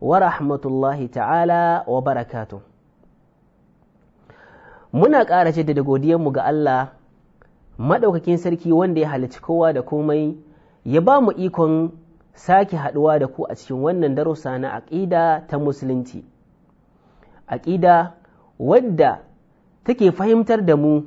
wa rahmatullahi ta'ala wa barakatu muna ƙara godiyar godiyanmu ga Allah maɗaukakin sarki wanda ya halarci kowa da komai ya ba mu ikon sake haɗuwa da ku a cikin wannan darussa na aƙida ta musulunci aƙida wadda take fahimtar da mu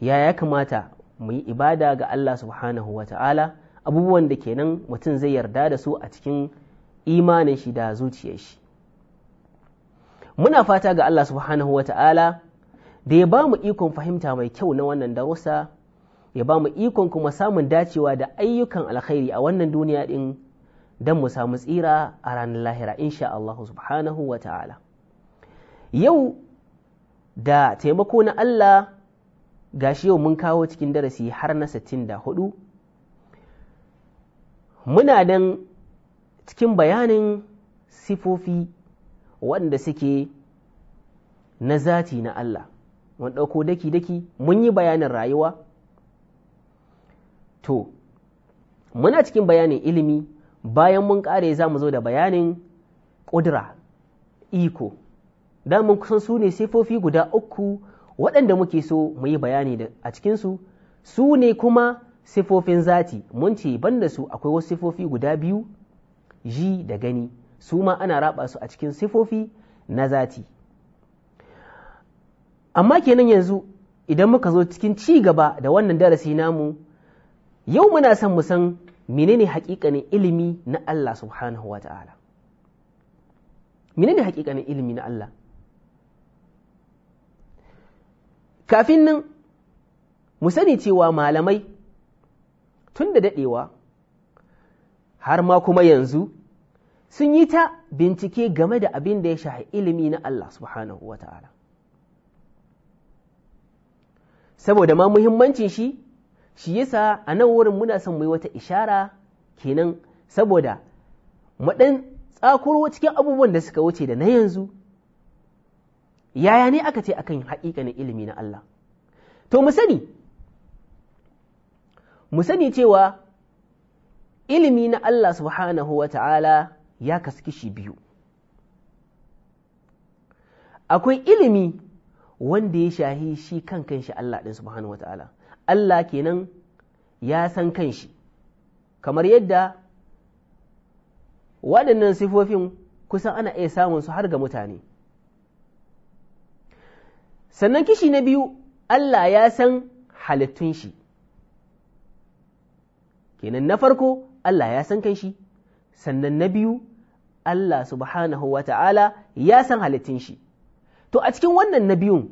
ya ya kamata mu yi ibada ga Allah subhanahu wa ta'ala abubuwan da kenan mutum zai yarda da su a cikin imanin shi da zuciyar shi muna fata ga Allah subhanahu wa ta'ala da ya ba mu ikon fahimta mai kyau na wannan darussa ya ba mu ikon kuma samun dacewa da ayyukan alkhairi a wannan duniya ɗin don mu samu tsira a ranar lahira insha Allah subhanahu wa ta'ala yau da taimako na Allah ga shi yau mun kawo cikin darasi har na 64 muna dan cikin bayanin sifofi wanda suke na zati na Allah wanda ɗauko daki-daki mun yi bayanin rayuwa to muna cikin bayanin ilimi bayan mun ƙare za mu zo da bayanin ƙudura iko da mun kusan su ne sifofi guda uku waɗanda muke so mu yi bayani a cikinsu su ne kuma sifofin zati mun ce banda su akwai wasu sifofi guda biyu ji da gani su ma ana raba su a cikin sifofi na zati amma kenan yanzu idan muka zo cikin ci gaba da wannan darasi namu yau muna son mu san menene hakikanin ilimi na Allah subhanahu wa ta'ala menene hakikanin ilimi na Allah kafin nan mu sani cewa malamai tun da dadewa har ma kuma yanzu sun yi ta bincike game da abin da ya shahi ilimi na Allah subhanahu wa ta'ala saboda ma muhimmancin shi shi yasa a nan wurin muna son mu wata ishara kenan saboda maɗan tsakuro cikin abubuwan da suka wuce da na yanzu yaya ne aka ce akan haƙiƙanin ilimi na Allah to mu sani mu sani cewa ilimi na Allah subhanahu wa ta'ala ya kasu kishi biyu akwai ilimi wanda ya shahi shi kan kanshi Allah ɗin subhanahu ta’ala, Allah kenan ya san kanshi kamar yadda waɗannan sifofin kusan ana iya samun su har ga mutane sannan kishi na biyu Allah ya san halittun shi kenan na farko Allah ya san kanshi sannan na biyu Allah subhanahu wa ta'ala ya san halittun shi. To, a cikin wannan na biyun,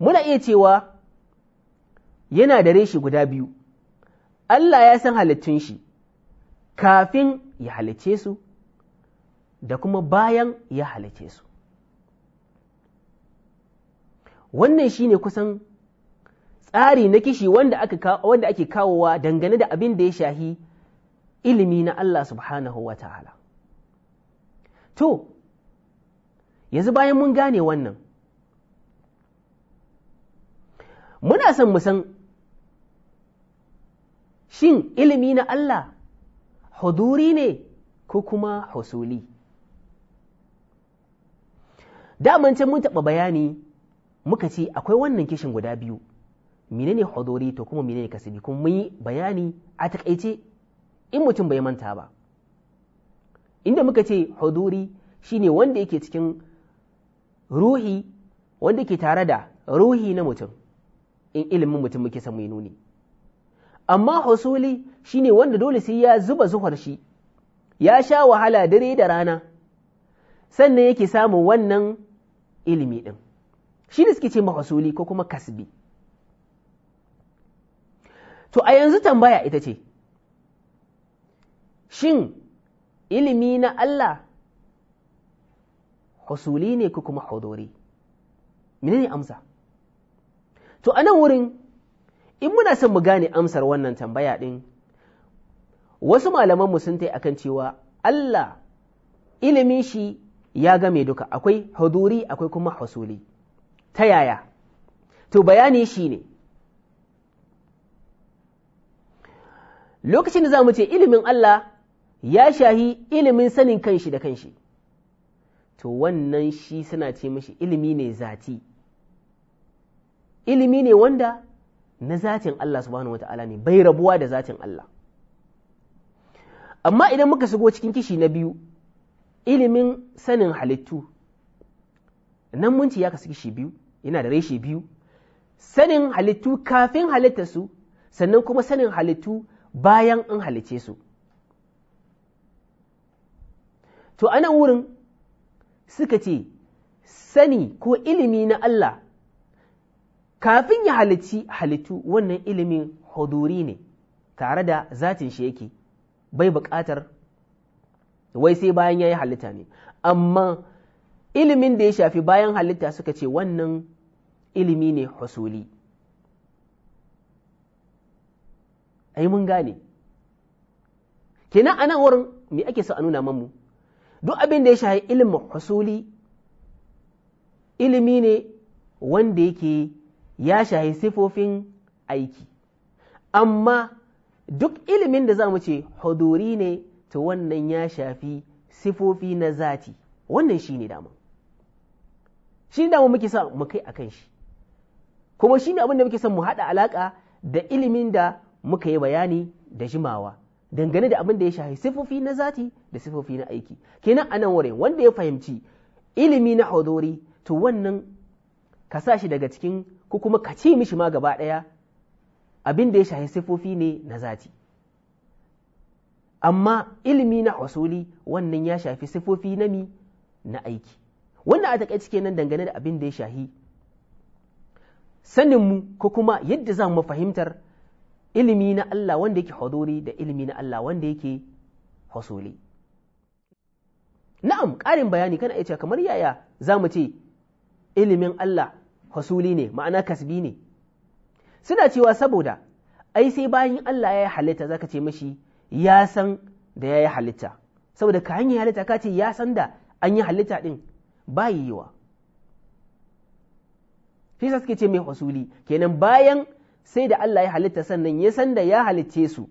muna iya cewa yana da reshi guda biyu, Allah ya san halittun shi kafin ya halicce su da kuma bayan ya halicce su. Wannan shi ne kusan tsari na kishi wanda ake kawowa dangane da abin da ya shahi ilimi na Allah subhanahu wa ta'ala. To, yanzu bayan mun gane wannan, muna son musan shin ilimi na Allah huduri ne ko kuma husuli. Daman can mun taɓa bayani muka ce akwai wannan kishin guda biyu, menene huduri to kuma menene kasibi kuma mun yi bayani a taƙaice in mutum bai manta ba inda muka ce huduri shine wanda yake cikin ruhi wanda ke tare da ruhi na mutum in ilimin mutum muke samu nuni amma husuli shine wanda dole sai ya zuba zuhar shi ya sha wahala dare da rana sannan yake samun wannan ilimi ɗin shi ne suke ce mahasuli ko kuma kasbi to a yanzu tambaya ita ce shin ilimi na Allah husuli ne ko kuma hudori menene amsa to anan wurin in muna son mu gane amsar wannan tambaya din, wasu malamanmu sun tai akan cewa Allah ilimi shi ya game duka akwai huduri akwai kuma husuli ta yaya to bayani shi ne lokacin da za mu ce ilimin Allah ya shahi ilimin sanin kanshi da kanshi to wannan shi suna ce mashi ilimi ne zati ilimi ne wanda na zatin Allah subhanahu wata'ala ne bai rabuwa da zatin Allah amma idan muka shigo cikin kishi na biyu ilimin sanin halittu nan munci ya kasu kishi biyu yana da reshe biyu sanin halittu kafin halittarsu sannan kuma sanin halittu bayan an halice su to a nan wurin suka ce sani ko ilimi na Allah kafin ya halici halittu wannan ilimin huduri ne tare da zatin shi yake bai buƙatar wai sai bayan ya yi halitta ne amma ilimin da ya shafi bayan halitta suka ce wannan ilimi ne husuli ai mun gane kenan a nan wurin me ake so a nuna mamu duk abin da ya shahi ilimin husuli ilimi ne wanda yake ya shahi sifofin aiki amma duk ilimin da za mu ce huduri ne ta wannan ya shafi sifofi na zati wannan shi ne dama shi ne dama muke sa mu kai a kan shi kuma shi ne abin da muke son mu haɗa alaƙa da ilimin da muka yi bayani da jimawa dangane da abin da ya shahi sifofi na zati da sifofi na aiki kenan a nan wurin wanda ya fahimci ilimi na huduri to wannan ka sa shi daga cikin ko kuma ka ce mishi ma gaba ɗaya abin da ya shahi sifofi ne na zati amma ilimi na hasuli wannan ya shafi sifofi na mi na aiki wanda a takaice kenan dangane da abin da ya shahi saninmu ko kuma yadda za mu fahimtar ilimi na Allah wanda yake huduri da ilimi na Allah wanda yake hasuli na'am ƙarin bayani kana iya cewa kamar yaya za mu ce ilimin Allah hasuli ne ma'ana kasbi ne suna cewa saboda ai sai bayan Allah ya yi halitta zaka ce mashi ya san da ya yi halitta saboda ka hanyar halitta ka ce ya san da an yi halitta din ba yiwa shi suke ce mai hasuli kenan bayan sai da Allah ya halitta sannan ya san da ya halicce su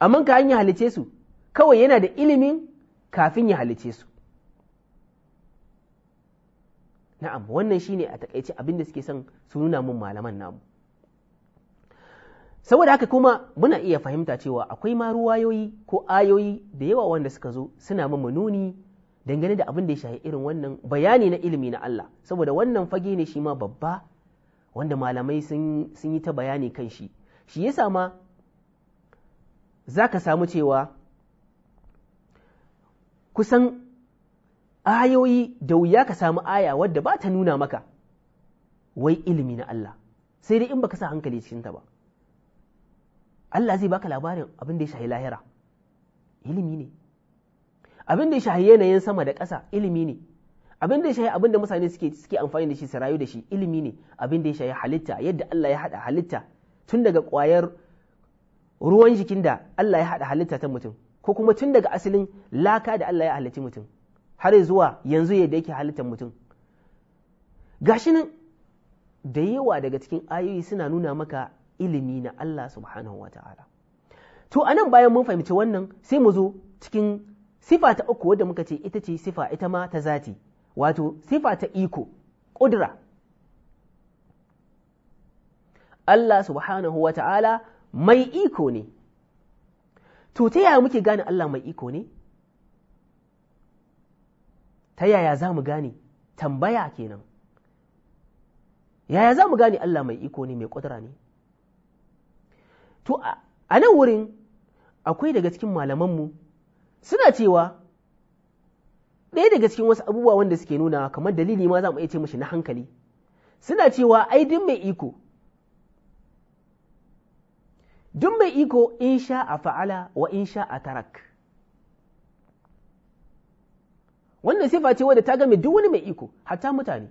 amma ka ya halicce su kawai yana da ilimin kafin ya halicce su na'am wannan shine a takaice abin da suke son su nuna mun malaman namu saboda haka kuma muna iya fahimta cewa akwai ma ruwayoyi ko ayoyi da yawa wanda suka zo suna mu nuni dangane da abin da ya shahi irin wannan bayani na ilimi na Allah saboda wannan fage ne shi ma babba wanda malamai sun yi ta bayani kan shi shi ya sama za ka samu cewa kusan ayoyi da wuya ka samu aya wadda ba ta nuna maka wai ilimi na Allah sai dai in baka sa hankali cikinta ba Allah zai baka labarin abin da ya shahi lahira ilimi ne abin da ya shahi yanayin sama da ƙasa ilimi ne abin da ya shahi abin da mutane suke suke amfani da shi su rayu da shi ilimi ne abin da ya shahi halitta yadda Allah ya haɗa halitta tun daga ƙwayar ruwan jikin da Allah ya haɗa halitta ta mutum ko kuma tun daga asalin laka da Allah ya halitta mutum har zuwa yanzu yadda yake halittar mutum gashi nan da yawa daga cikin ayoyi suna nuna maka ilimi na Allah subhanahu wa ta'ala to anan bayan mun fahimci wannan sai mu zo cikin sifa ta uku wadda muka ce ita ce sifa ita ma ta zati wato sifa ta iko ƙudura Allah subhanahu wa ta'ala mai iko ne to ta yaya muke gane Allah mai iko ne ta yaya za mu gane tambaya kenan yaya za mu gane Allah mai iko ne mai ƙudura ne to a nan wurin akwai daga cikin malaman mu suna cewa ɗaya daga cikin wasu abubuwa wanda suke nuna kamar dalili ma za mu iya ce mashi na hankali suna cewa ai duk mai iko duk mai iko in sha a fa'ala wa in sha a tarak wannan sifa ce wadda ta game duk wani mai iko hatta mutane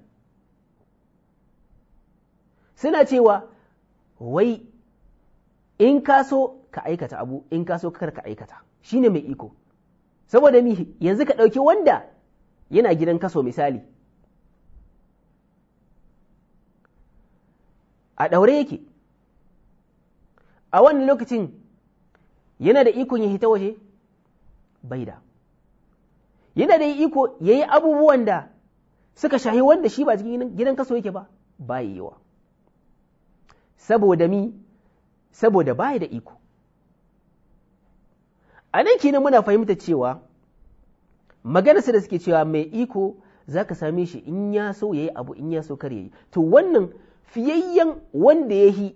suna cewa wai in ka so ka aikata abu in ka so kar ka aikata shine mai iko saboda mi yanzu ka ɗauki wanda yana gidan kaso misali a ɗaure yake a wannan lokacin yana da ikon ya hita waje bai da yana da iko ya yi abubuwan da suka shahi wanda shi ba cikin gidan kaso yake ba ba yiwa saboda mi saboda baya da iko a nan kenan muna fahimta cewa maganarsa da suke cewa mai iko za ka same shi in ya so ya yi abu in ya so kar ya yi to wannan fiyayyen wanda ya yi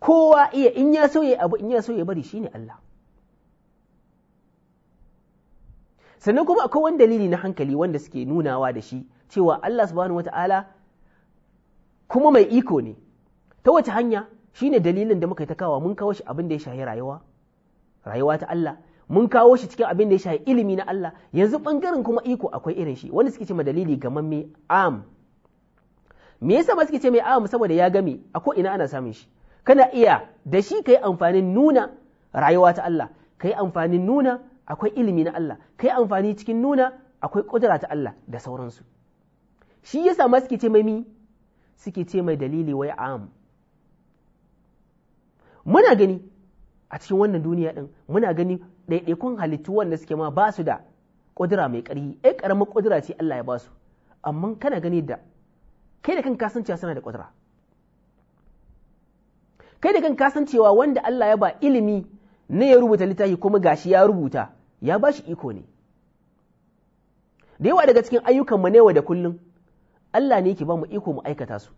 kowa iya in ya so ya yi abu in ya so ya bari shine Allah sannan kuma akwai wani dalili na hankali wanda suke nunawa da shi cewa Allah subhanahu wata'ala kuma mai iko ne ta wace hanya shine dalilin da muka yi ta kawa mun kawo shi abin da ya shahi rayuwa rayuwa ta Allah mun kawo shi cikin abin da ya shafi ilimi na Allah yanzu bangaren kuma iko akwai irin shi wanda suke ce ma dalili ga me am me yasa ba suke ce mai am saboda ya game a ko ina ana samun shi kana iya da shi kai amfanin nuna rayuwa ta Allah kai amfanin nuna akwai ilimi na Allah kai amfani cikin nuna akwai kudura ta Allah da sauransu shi yasa ma suke ce mai mi suke ce mai dalili wai am muna gani a cikin wannan duniya din muna gani ɗaiɗaikun halittu wanda suke ma ba su da ƙudura mai ƙarfi ai ƙaramin ƙudura ce Allah ya ba su amma kana gani da kai da kan kasancewa suna da ƙudura kai da kan kasancewa wanda Allah ya ba ilimi ne ya rubuta littafi kuma gashi ya rubuta ya ba shi iko ne da yawa daga cikin ayyukan mu ne da kullum Allah ne yake ba mu iko mu aikata su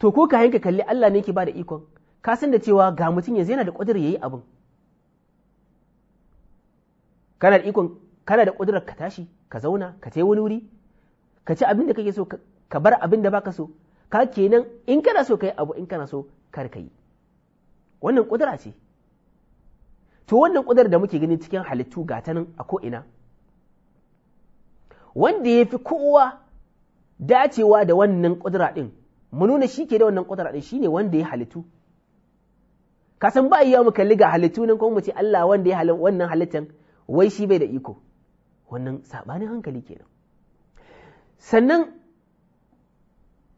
to ko ka yanka kalli Allah ne yake ba da ikon ka san da cewa ga mutum yanzu yana da ƙudurar yayi abin kana da ikon kana da ƙudurar ka tashi ka zauna ka tai wani wuri ka ci abin da kake so ka bar abin da baka so ka kenan in kana so kai abu in kana so kar ka yi wannan ƙudura ce to wannan ƙudurar da muke gani cikin halittu ga ta nan a ko'ina wanda ya fi kowa dacewa da wannan ƙudura ɗin mu nuna shi ke da wannan kudura din shine wanda ya halittu ka san ba iya mu kalli ga halittu nan kuma mu ce Allah wanda ya halin wannan halittan wai shi bai da iko wannan sabanin hankali kenan sannan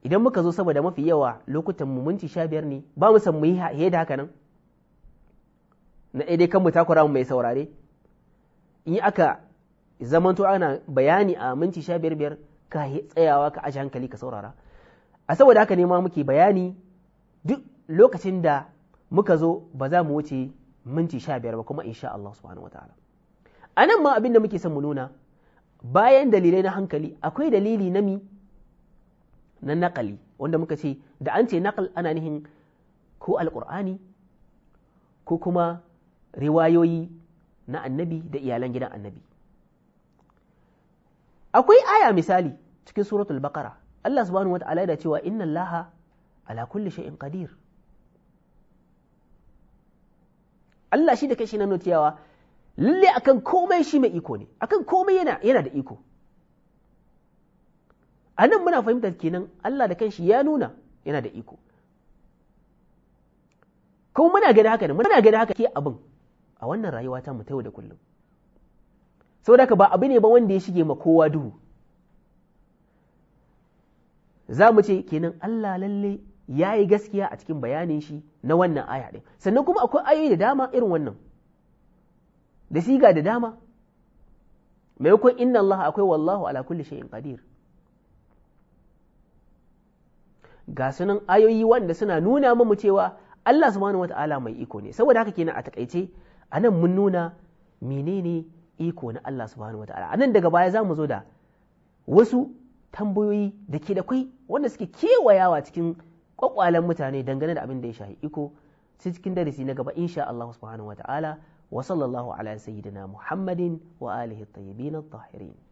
idan muka zo saboda mafi yawa lokutan mu minti sha ne ba mu san mu yi da haka nan na ɗaya dai kan mu takura mu mai saurare in aka zamanto ana bayani a minti sha ka tsayawa ka aji hankali ka saurara a saboda haka ne ma muke bayani duk lokacin da muka zo ba za mu wuce minti sha biyar ba kuma insha Allah subhanahu wa ta'ala a nan ma abin da muke son mu nuna bayan dalilai na hankali akwai dalili na mi na naƙali wanda muka ce da an ce naƙal ana nihin ko alƙur'ani ko kuma riwayoyi na annabi da iyalan gidan annabi akwai aya misali cikin suratul baqara Allah subhanahu wata'ala yana cewa inna Laha ala kulli shay'in qadir Allah shi da kai shi na notiyawa lalle akan komai shi mai iko ne akan komai yana yana da iko a nan muna fahimtar kenan Allah da kanshi ya nuna yana da iko kuma muna gani haka ne muna gani haka ke abin a wannan rayuwa ta mu ta yau da kullum saboda ka ba abu ne ba wanda ya shige ma kowa duhu za mu ce kenan Allah lalle ya yi gaskiya a cikin bayanin shi na wannan aya ɗin sannan kuma akwai ayoyi da dama irin wannan da siga da dama maimakon inna Allah akwai wallahu ala kulli shay'in qadir ga sunan ayoyi wanda suna nuna mu cewa Allah subhanahu wata'ala mai iko ne saboda haka kenan a takaice anan mun nuna menene iko na Allah subhanahu wata'ala anan daga baya za mu zo da wasu tambayoyi da ke da kwai wanda suke kewayawa cikin kwakwalen mutane dangane da abin da ya shahi iko cikin darasi na gaba insha Allah subhanahu wa ta'ala wa sallallahu ala sayyidina Muhammadin wa alihi at-tayyibin at-tahirin